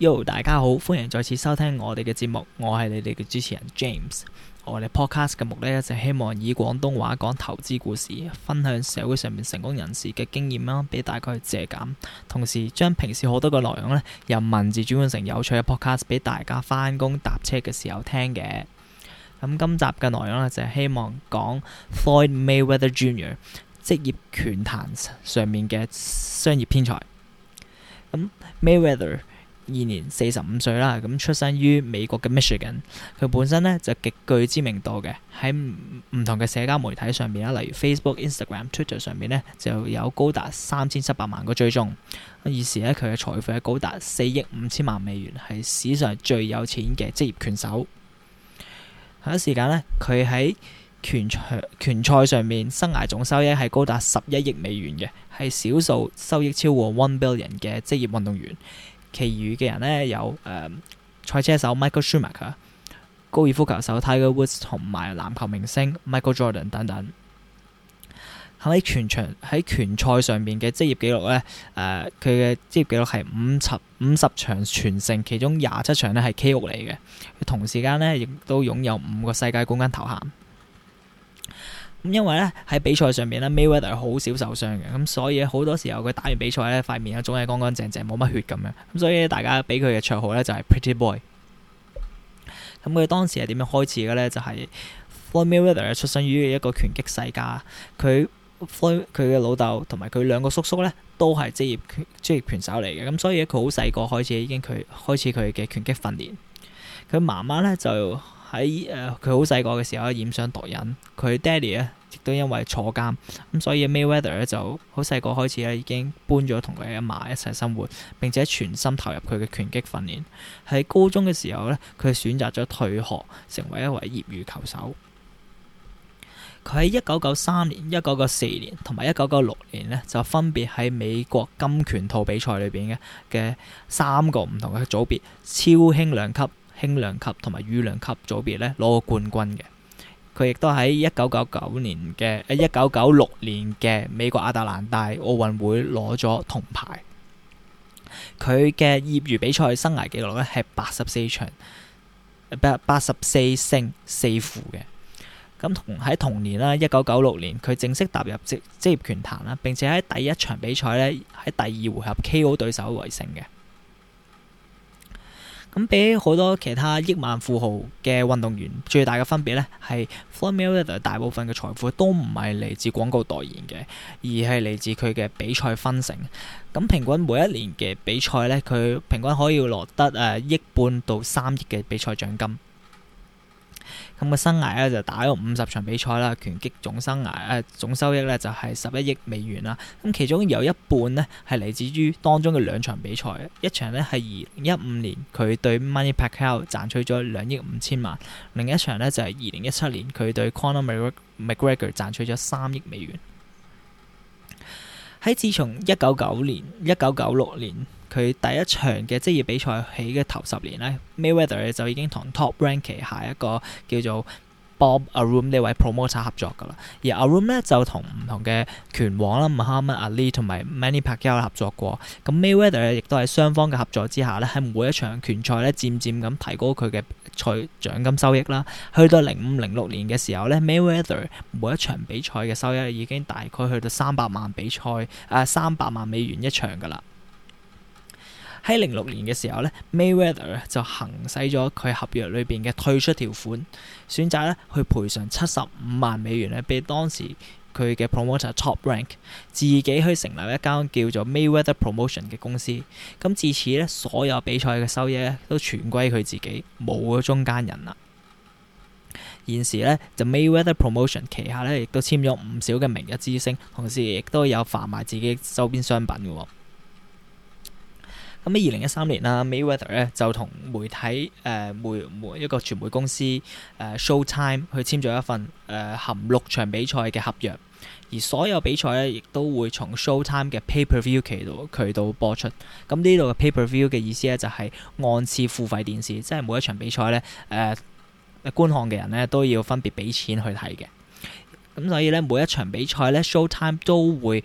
Yo，大家好，歡迎再次收聽我哋嘅節目。我係你哋嘅主持人 James。我哋 Podcast 嘅目的就係、希望以廣東話講投資故事，分享社會上面成功人士嘅經驗啦，俾大家去借鑒。同時將平時好多嘅內容呢，由文字轉換成有趣嘅 Podcast 俾大家翻工搭車嘅時候聽嘅。咁、嗯、今集嘅內容呢，就係、希望講 Floyd Mayweather Junior 職業拳壇上面嘅商業天才。咁、嗯、Mayweather。May 二年四十五歲啦，咁出生於美國嘅 Michigan。佢本身呢就極具知名度嘅喺唔同嘅社交媒體上面啦，例如 Facebook、Instagram、Twitter 上面呢，就有高達三千七百萬個追蹤。而時呢，佢嘅財富係高達四億五千萬美元，係史上最有錢嘅職業拳手。同一時間呢，佢喺拳場拳賽上面生涯總收益係高達十一億美元嘅，係少數收益超過 one billion 嘅職業運動員。其餘嘅人呢，有誒賽、呃、車手 Michael Schumacher、高爾夫球手 Tiger Woods 同埋籃球明星 Michael Jordan 等等。喺全場喺拳賽上面嘅職業記錄呢，誒佢嘅職業記錄係五十五十場全勝，其中廿七場呢係 K 局嚟嘅。同時間呢亦都擁有五個世界冠軍頭銜。因為咧喺比賽上面，呢 Mayweather 好少受傷嘅，咁所以好多時候佢打完比賽呢塊面咧總係乾乾淨淨，冇乜血咁樣，咁所以大家俾佢嘅綽號呢就係 Pretty Boy。咁佢當時係點樣開始嘅呢？就係 Floyd Mayweather 出生於一個拳擊世家，佢佢嘅老豆同埋佢兩個叔叔呢都係職業拳職業拳手嚟嘅，咁所以佢好細個開始已經佢開始佢嘅拳擊訓練，佢媽媽呢就。喺誒佢好細個嘅時候染上毒癮，佢爹哋咧亦都因為坐監，咁所以 Mayweather 咧就好細個開始咧已經搬咗同佢阿嫲一齊生活，並且全心投入佢嘅拳擊訓練。喺高中嘅時候咧，佢選擇咗退學，成為一位業餘球手。佢喺一九九三年、一九九四年同埋一九九六年呢，就分別喺美國金拳套比賽裏邊嘅嘅三個唔同嘅組別超輕兩級、輕量級同埋羽量級組別呢攞過冠軍嘅，佢亦都喺一九九九年嘅呃一九九六年嘅美國亞特蘭大奧運會攞咗銅牌。佢嘅業餘比賽生涯紀錄呢係八十四場，八十四勝四負嘅。咁同喺同年啦，一九九六年佢正式踏入職職業拳壇啦，並且喺第一場比賽呢，喺第二回合 KO 對手為勝嘅。咁俾好多其他億萬富豪嘅運動員最大嘅分別咧，係 Floyd Mayweather 大部分嘅財富都唔係嚟自廣告代言嘅，而係嚟自佢嘅比賽分成。咁平均每一年嘅比賽咧，佢平均可以攞得誒億半到三億嘅比賽獎金。咁個生涯咧就打咗五十場比賽啦，拳擊總生涯誒、呃、總收益咧就係十一億美元啦。咁其中有一半咧係嚟自於當中嘅兩場比賽，一場咧係二零一五年佢對 Manny Pacquiao 賺取咗兩億五千萬，另一場咧就係二零一七年佢對 Conor McGregor 賺取咗三億美元。喺自從一九九年、一九九六年佢第一場嘅職業比賽起嘅頭十年咧，Mayweather 就已經同 Top Rank e、er、旗下一個叫做 Bob Arum 呢位 promoter 合作噶啦。而 Arum 咧就同唔同嘅拳王啦，Muhammad Ali 同埋 Manny Pacquiao 合作過。咁 Mayweather 咧亦都喺雙方嘅合作之下咧，喺每一場拳賽咧，漸漸咁提高佢嘅賽獎金收益啦，去到零五零六年嘅時候咧，Mayweather 每一場比賽嘅收益已經大概去到三百萬比賽誒三百萬美元一場噶啦。喺零六年嘅時候咧，Mayweather 就行使咗佢合約裏邊嘅退出條款，選擇咧去賠償七十五萬美元咧俾當時。佢嘅 promoter top rank，自己去成立一間叫做 Mayweather Promotion 嘅公司，咁至此咧所有比賽嘅收益咧都全歸佢自己，冇咗中間人啦。現時咧就 Mayweather Promotion 旗下咧亦都簽咗唔少嘅明日之星，同時亦都有販賣自己周邊商品嘅。咁喺二零一三年啦，Mayweather 咧就同媒體誒、媒、呃、一個傳媒公司誒、呃、Showtime 去簽咗一份誒、呃、含六場比賽嘅合約，而所有比賽咧亦都會從 Showtime 嘅 Pay-per-view 渠道渠道播出。咁呢度嘅 Pay-per-view 嘅意思咧就係、係、按次付費電視，即係每一場比賽咧誒、呃、觀看嘅人咧都要分別俾錢去睇嘅。咁所以咧每一場比賽咧 Showtime 都會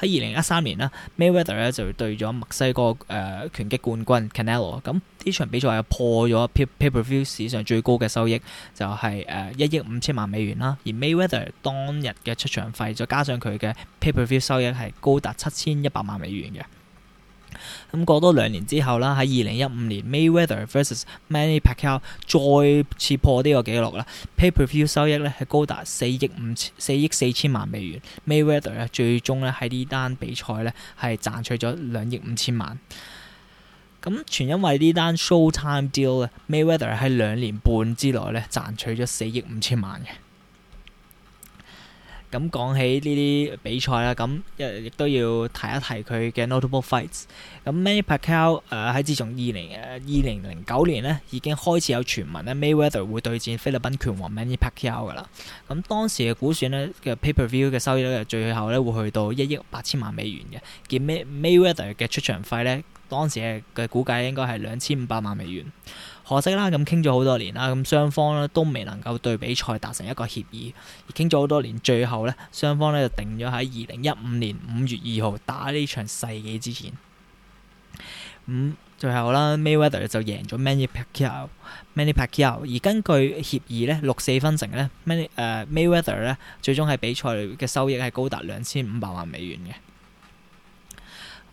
喺二零一三年啦，Mayweather 咧就對咗墨西哥誒、呃、拳擊冠軍 Canelo，咁呢場比賽又破咗 Pay Per View 史上最高嘅收益，就是，就係誒一億五千萬美元啦。而 Mayweather 當日嘅出場費，再加上佢嘅 Pay Per View 收益，係高達七千一百萬美元嘅。咁過多兩年之後啦，喺二零一五年 Mayweather vs Manny Pacquiao 再次破呢個紀錄啦，Pay Per View 收益咧係高達四億五千四億四千萬美元，Mayweather 咧最終咧喺呢單比賽咧係賺取咗兩億五千萬，咁全因為呢單 Showtime deal 啊，Mayweather 喺兩年半之內咧賺取咗四億五千萬嘅。咁講起呢啲比賽啦，咁亦都要提一提佢嘅 notable fights。咁 Manny Pacquiao、呃、喺自從二零二零零九年咧，已經開始有傳聞咧，Mayweather 會對戰菲律賓拳王 Manny Pacquiao 噶啦。咁當時嘅估算咧嘅 pay-per-view 嘅收益咧，最後咧會去到一億八千萬美元嘅。見 May Mayweather 嘅出場費咧。當時嘅估計應該係兩千五百萬美元，可惜啦，咁傾咗好多年啦，咁雙方咧都未能夠對比賽達成一個協議，傾咗好多年，最後呢，雙方咧就定咗喺二零一五年五月二號打呢場世紀之前。咁、嗯、最後啦，Mayweather 就贏咗 Manny Pacquiao，Manny Pacquiao，而根據協議呢，六四分成咧，May 誒 Mayweather 咧最終係比賽嘅收益係高達兩千五百萬美元嘅。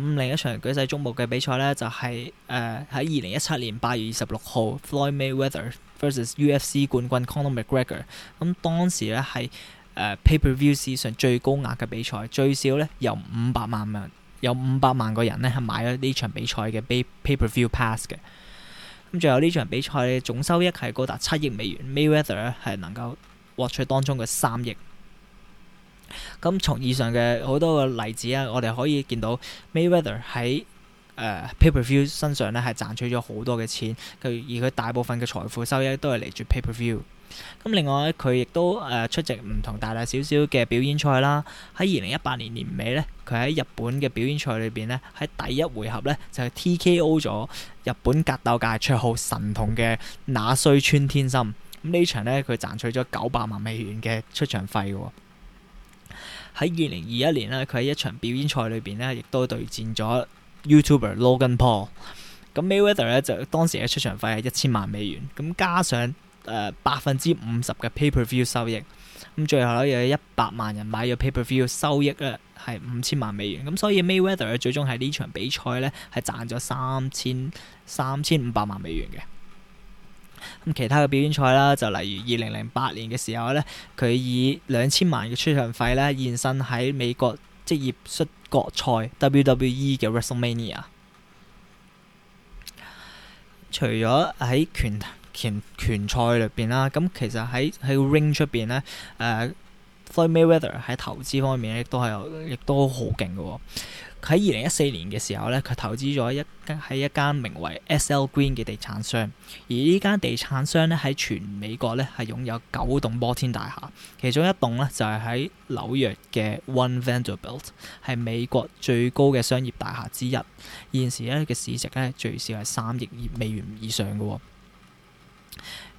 五另一場舉世矚目嘅比賽咧，就係誒喺二零一七年八月二十六號 Floyd Mayweather vs UFC 冠軍 Conor McGregor、嗯。咁當時咧係誒 Pay Per View 史上最高額嘅比賽，最少咧有五百萬人，有五百萬個人咧係買咗呢場比賽嘅 Pay Per View pass 嘅。咁、嗯、最後呢場比賽總收益係高達七億美元，Mayweather 咧係能夠獲取當中嘅三億。咁從以上嘅好多嘅例子啊，我哋可以見到 Mayweather 喺誒、呃、Pay Per View 身上咧係賺取咗好多嘅錢，佢而佢大部分嘅財富收益都係嚟自 Pay Per View。咁另外咧，佢亦都誒、呃、出席唔同大大小小嘅表演賽啦。喺二零一八年年尾咧，佢喺日本嘅表演賽裏邊咧，喺第一回合咧就係、TKO 咗日本格鬥界綽號神童嘅那須川天心。咁呢場咧佢賺取咗九百萬美元嘅出場費嘅、啊。喺二零二一年咧，佢喺一場表演賽裏邊咧，亦都對戰咗 YouTuber Logan Paul。咁 Mayweather 咧就當時嘅出場費係一千萬美元，咁加上誒百分之五十嘅 Pay Per View 收益，咁最後咧又有一百萬人買咗 Pay Per View 收益咧係五千萬美元，咁所以 Mayweather 最終喺呢場比賽咧係賺咗三千三千五百萬美元嘅。咁其他嘅表演賽啦，就例如二零零八年嘅時候咧，佢以兩千萬嘅出場費咧現身喺美國職業摔角賽 WWE 嘅 WrestleMania。除咗喺拳拳拳，拳賽裏邊啦，咁其實喺喺 ring 出邊咧，誒。呃 Floyd Mayweather 喺投資方面咧，都係、哦，亦都好勁嘅。喺二零一四年嘅時候咧，佢投資咗一間喺一間名為 SL Green 嘅地產商，而呢間地產商咧喺全美國咧係擁有九棟摩天大廈，其中一棟咧就係、是、喺紐約嘅 One Vanderbilt，係美國最高嘅商業大廈之一，現時咧嘅市值咧最少係三億美元以上嘅喎、哦。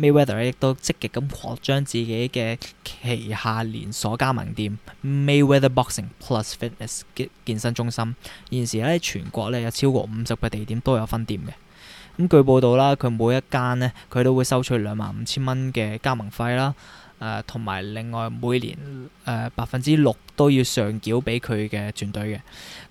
Mayweather 亦都積極咁擴張自己嘅旗下連鎖加盟店 Mayweather Boxing Plus Fitness 健身中心，現時喺全國咧有超過五十個地點都有分店嘅。咁、嗯、據報道啦，佢每一間咧佢都會收取兩萬五千蚊嘅加盟費啦。誒同埋另外每年誒百分之六都要上繳俾佢嘅團隊嘅。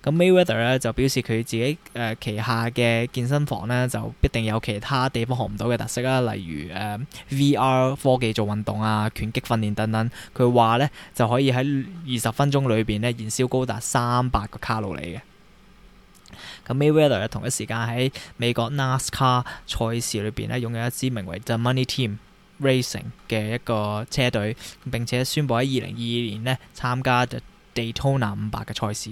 咁 Mayweather 咧就表示佢自己誒、呃、旗下嘅健身房咧就必定有其他地方學唔到嘅特色啦，例如誒、呃、VR 科技做運動啊、拳擊訓練等等。佢話咧就可以喺二十分鐘裏邊咧燃燒高達三百個卡路里嘅。咁 Mayweather 同一時間喺美國 NASCAR 賽事裏邊咧擁有一支名為 The Money Team。Racing 嘅一個車隊，並且宣布喺二零二二年呢參加嘅 Daytona 五百嘅賽事。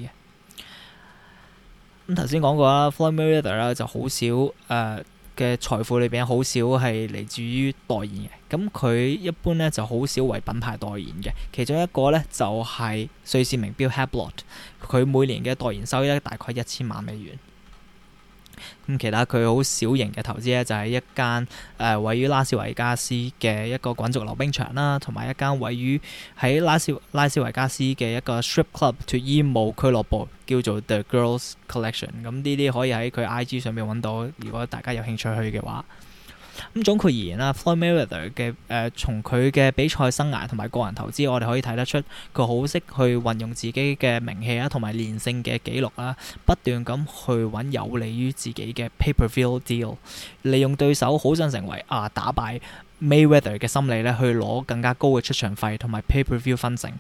咁頭先講過啦 Floyd Mayweather 啦就好少誒嘅、呃、財富裏邊好少係嚟自於代言嘅。咁佢一般呢就好少為品牌代言嘅，其中一個呢就係、是、瑞士名錶 Hublot，佢每年嘅代言收益大概一千萬美元。咁其他佢好小型嘅投資咧，就係一間誒、呃、位於拉斯維加斯嘅一個滾軸溜冰場啦，同埋一間位於喺拉斯拉斯維加斯嘅一個 strip club 脫衣舞俱樂部，叫做 The Girls Collection、嗯。咁呢啲可以喺佢 IG 上面揾到，如果大家有興趣去嘅話。咁總括而言啦，Floyd Mayweather 嘅誒、呃，從佢嘅比賽生涯同埋個人投資，我哋可以睇得出佢好識去運用自己嘅名氣啊，同埋連勝嘅紀錄啦，不斷咁去揾有利於自己嘅 Pay Per View deal，利用對手好想成為啊打敗 Mayweather 嘅心理咧，去攞更加高嘅出場費同埋 Pay Per View 分成。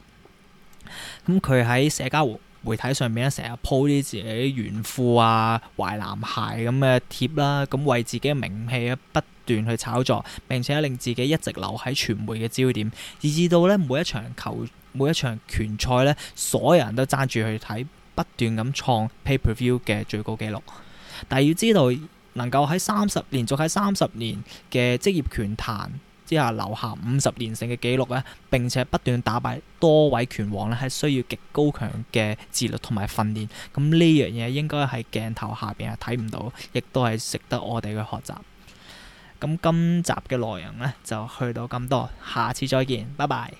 咁佢喺社交媒體上面咧，成日 po 啲自己炫富啊、懷男鞋咁嘅貼啦，咁為自己嘅名氣不斷去炒作，並且令自己一直留喺傳媒嘅焦點，以至到呢，每一場球、每一場拳賽呢，所有人都爭住去睇，不斷咁創 pay per view 嘅最高紀錄。但係要知道，能夠喺三十年續喺三十年嘅職業拳壇之下留下五十連勝嘅記錄咧，並且不斷打敗多位拳王咧，係需要極高強嘅自律同埋訓練。咁呢樣嘢應該喺鏡頭下邊係睇唔到，亦都係值得我哋去學習。咁今集嘅內容呢，就去到咁多，下次再見，拜拜。